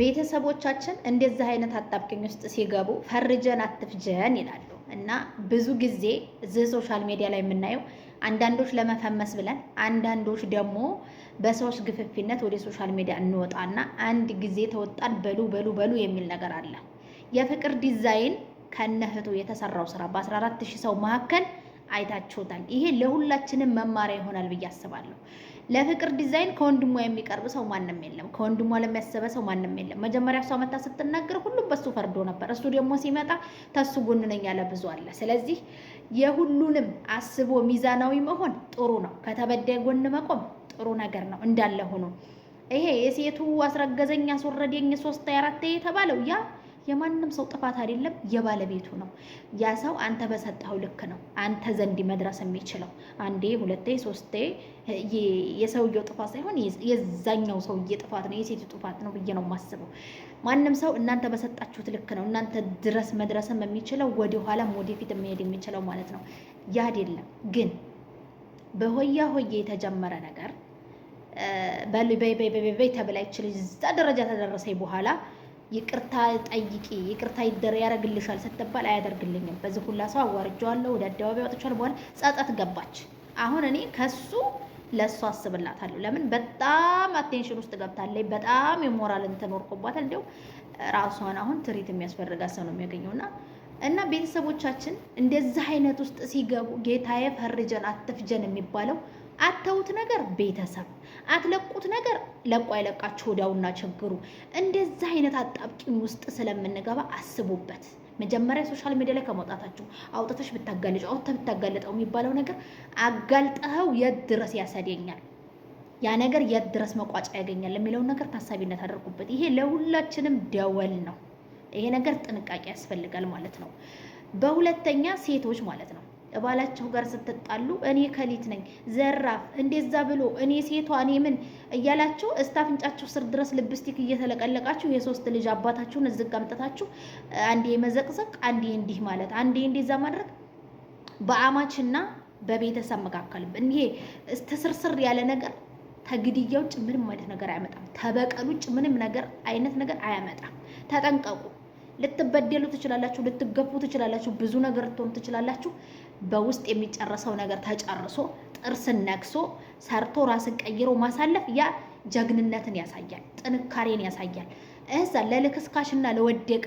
ቤተሰቦቻችን እንደዚህ አይነት አጣብቂኝ ውስጥ ሲገቡ ፈርጀን አትፍጀን ይላሉ እና ብዙ ጊዜ እዚህ ሶሻል ሚዲያ ላይ የምናየው አንዳንዶች ለመፈመስ ብለን አንዳንዶች ደግሞ በሰዎች ግፍፊነት ወደ ሶሻል ሚዲያ እንወጣና አንድ ጊዜ ተወጣን በሉ በሉ በሉ የሚል ነገር አለ። የፍቅር ዲዛይን ከነህቱ የተሰራው ስራ በ14 ሰው መካከል አይታችሁታል። ይሄ ለሁላችንም መማሪያ ይሆናል ብዬ አስባለሁ። ለፍቅር ዲዛይን ከወንድሟ የሚቀርብ ሰው ማንም የለም። ከወንድሟ ለሚያሰበ ሰው ማንም የለም። መጀመሪያ እሷ መታ ስትናገር ሁሉም በሱ ፈርዶ ነበር። እሱ ደግሞ ሲመጣ ተሱ ጎን ነኝ ያለ ብዙ አለ። ስለዚህ የሁሉንም አስቦ ሚዛናዊ መሆን ጥሩ ነው። ከተበዳይ ጎን መቆም ጥሩ ነገር ነው እንዳለ ሆኖ ይሄ የሴቱ አስረገዘኝ አስወረደኝ ሶስት አራት የተባለው ያ የማንም ሰው ጥፋት አይደለም፣ የባለቤቱ ነው። ያ ሰው አንተ በሰጣው ልክ ነው አንተ ዘንድ መድረስ የሚችለው። አንዴ ሁለቴ ሶስቴ የሰውየው ጥፋት ሳይሆን የዛኛው ሰውዬ ጥፋት ነው፣ የሴቱ ጥፋት ነው ብዬ ነው የማስበው። ማንም ሰው እናንተ በሰጣችሁት ልክ ነው እናንተ ድረስ መድረስም የሚችለው ወደኋላም ወደፊት የሚሄድ የሚችለው ማለት ነው። ያ አይደለም ግን በሆያ ሆዬ የተጀመረ ነገር በይ በይ በይ ተብላ ይችል እዛ ደረጃ ተደረሰኝ በኋላ ይቅርታ ጠይቂ፣ ይቅርታ ይደረ ያደርግልሻል ስትባል አያደርግልኝም። በዚህ ሁላ ሰው አዋርጀዋለሁ፣ ወደ አደባባይ አውጥቻለሁ። በኋላ ጸጸት ገባች። አሁን እኔ ከሱ ለእሱ አስብላታለሁ። ለምን በጣም አቴንሽን ውስጥ ገብታለች። በጣም የሞራል እንትን ወርቆባታል። እንዲያው ራሷን አሁን ትሪት የሚያስፈርጋ ሰው ነው የሚያገኘውና እና ቤተሰቦቻችን እንደዚህ አይነት ውስጥ ሲገቡ ጌታዬ ፈርጀን አትፍጀን የሚባለው አተውት ነገር ቤተሰብ አትለቁት ነገር ለቆ አይለቃችሁ ወዲያውና ችግሩ እንደዛ አይነት አጣብቂኝ ውስጥ ስለምንገባ አስቡበት። መጀመሪያ ሶሻል ሚዲያ ላይ ከመውጣታችሁ አውጥተሽ ብታጋልጭ አውጥተ ብታጋልጠው የሚባለው ነገር አጋልጠኸው የት ድረስ ያሰደኛል ያ ነገር የት ድረስ መቋጫ ያገኛል የሚለውን ነገር ታሳቢነት አድርጉበት። ይሄ ለሁላችንም ደወል ነው። ይሄ ነገር ጥንቃቄ ያስፈልጋል ማለት ነው። በሁለተኛ ሴቶች ማለት ነው ባላቸው ጋር ስትጣሉ እኔ ከሊት ነኝ ዘራፍ እንደዛ ብሎ እኔ ሴቷ እኔ ምን እያላችሁ እስታፍንጫችሁ ስር ድረስ ልብስቲክ እየተለቀለቃችሁ የሶስት ልጅ አባታችሁን እዚህ ጋር አምጥታችሁ አንዴ መዘቅዘቅ፣ አንዴ እንዲህ ማለት፣ አንዴ እንደዛ ማድረግ በአማችና በቤተሰብ መካከል ይሄ እስተስርስር ያለ ነገር ተግድያ ውጭ ምንም አይነት ነገር አያመጣም። ተበቀል ውጭ ምንም ነገር አይነት ነገር አያመጣም። ተጠንቀቁ። ልትበደሉ ትችላላችሁ፣ ልትገፉ ትችላላችሁ፣ ብዙ ነገር ልትሆኑ ትችላላችሁ። በውስጥ የሚጨረሰው ነገር ተጨርሶ ጥርስን ነክሶ ሰርቶ ራስን ቀይሮ ማሳለፍ ያ ጀግንነትን ያሳያል፣ ጥንካሬን ያሳያል። እዛ ለልክስካሽና ለወደቀ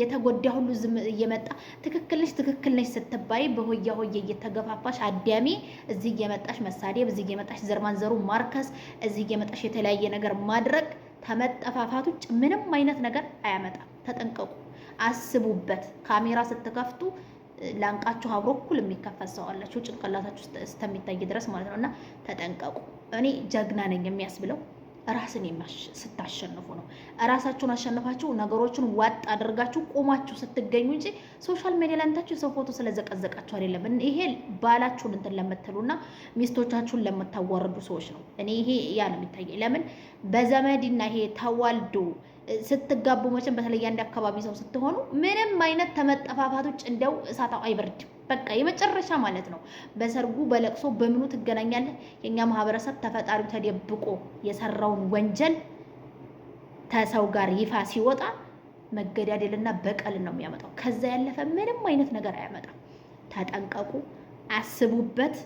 የተጎዳ ሁሉ ዝም እየመጣ ትክክል ነሽ ትክክል ነሽ ስትባይ በሆያ ሆየ እየተገፋፋሽ አዳሜ እዚህ እየመጣሽ መሳደብ፣ እዚህ እየመጣሽ ዘርማን ዘሩ ማርከስ፣ እዚህ እየመጣሽ የተለያየ ነገር ማድረግ ከመጠፋፋት ውጭ ምንም አይነት ነገር አያመጣም። ተጠንቀቁ፣ አስቡበት። ካሜራ ስትከፍቱ ላንቃችሁ አብሮ እኩል የሚከፈት ሰው አላችሁ ጭንቅላታችሁ እስከሚታይ ድረስ ማለት ነው። እና ተጠንቀቁ። እኔ ጀግና ነኝ የሚያስብለው ራስን ስታሸንፉ ነው። ራሳችሁን አሸንፋችሁ ነገሮችን ዋጥ አድርጋችሁ ቆማችሁ ስትገኙ እንጂ ሶሻል ሚዲያ ላይ እንታችሁ ሰው ፎቶ ስለዘቀዘቃችሁ አይደለም። ይሄ ባላችሁን እንትን ለምትሉና ሚስቶቻችሁን ለምታዋርዱ ሰዎች ነው። እኔ ይሄ ያ ነው የሚታየኝ። ለምን በዘመድና ይሄ ተዋልዶ ስትጋቡ መቼም በተለይ አንድ አካባቢ ሰው ስትሆኑ ምንም አይነት ተመጠፋፋት እንደው እሳታው አይበርድም። በቃ የመጨረሻ ማለት ነው። በሰርጉ በለቅሶ በምኑ ትገናኛለህ? የእኛ ማህበረሰብ ተፈጣሪው ተደብቆ የሰራውን ወንጀል ተሰው ጋር ይፋ ሲወጣ መገዳደልና በቀል ነው የሚያመጣው። ከዛ ያለፈ ምንም አይነት ነገር አያመጣም። ተጠንቀቁ፣ አስቡበት።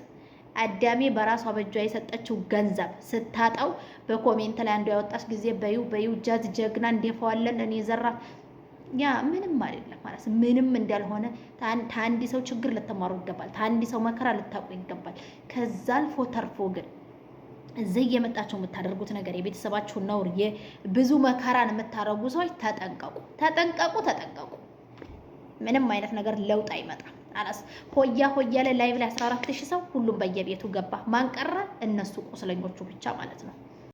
አዳሜ በራሷ በእጇ የሰጠችው ገንዘብ ስታጣው በኮሜንት ላይ አንዱ ያወጣች ጊዜ በዩ በዩ ጃዝ ጀግና እንደፈዋለን እኔ ዘራፍ ያ ምንም አይደለም ማለት ምንም እንዳልሆነ ታንዲ ሰው ችግር ልትማሩ ይገባል። ታንዲ ሰው መከራ ልታውቁ ይገባል። ከዛ አልፎ ተርፎ ግን እዚህ እየመጣችሁ የምታደርጉት ነገር የቤተሰባችሁን ነውር፣ ብዙ መከራን የምታረጉ ሰዎች ተጠንቀቁ፣ ተጠንቀቁ፣ ተጠንቀቁ። ምንም አይነት ነገር ለውጥ አይመጣም። አላስ ሆያ ሆያ ላይ ላይቭ ላይ 14 ሰው ሁሉም በየቤቱ ገባ። ማንቀራ እነሱ ቁስለኞቹ ብቻ ማለት ነው።